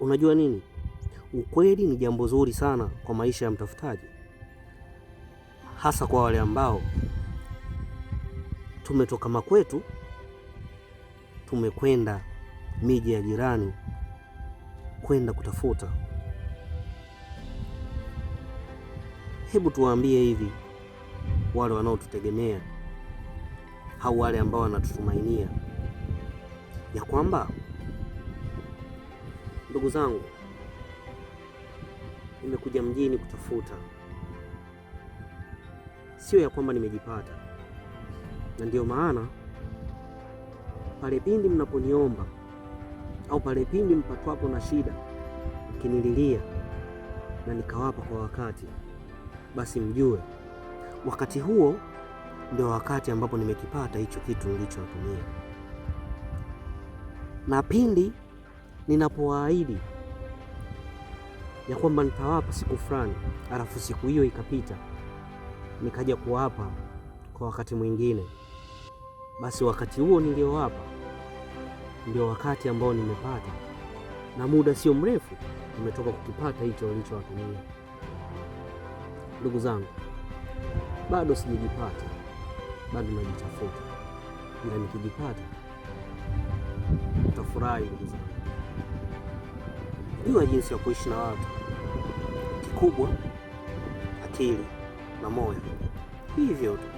Unajua nini, ukweli ni jambo zuri sana kwa maisha ya mtafutaji, hasa kwa wale ambao tumetoka makwetu tumekwenda miji ya jirani kwenda kutafuta. Hebu tuwaambie hivi wale wanaotutegemea au wale ambao wanatutumainia ya kwamba Ndugu zangu, nimekuja mjini kutafuta, sio ya kwamba nimejipata, na ndiyo maana pale pindi mnaponiomba au pale pindi mpatwapo na shida mkinililia na nikawapa kwa wakati, basi mjue wakati huo ndio wakati ambapo nimekipata hicho kitu nilichowatumia, na pindi ninapowaahidi ya kwamba nitawapa siku fulani, alafu siku hiyo ikapita, nikaja kuwapa kwa wakati mwingine, basi wakati huo niliowapa ndio wakati ambao nimepata, na muda sio mrefu nimetoka kukipata hicho nilichowatumia. Ndugu zangu, bado sijajipata, bado najitafuta, ila nikijipata utafurahi ndugu zangu jua jinsi ya kuishi na watu. Kikubwa akili na moyo, hivyo tu.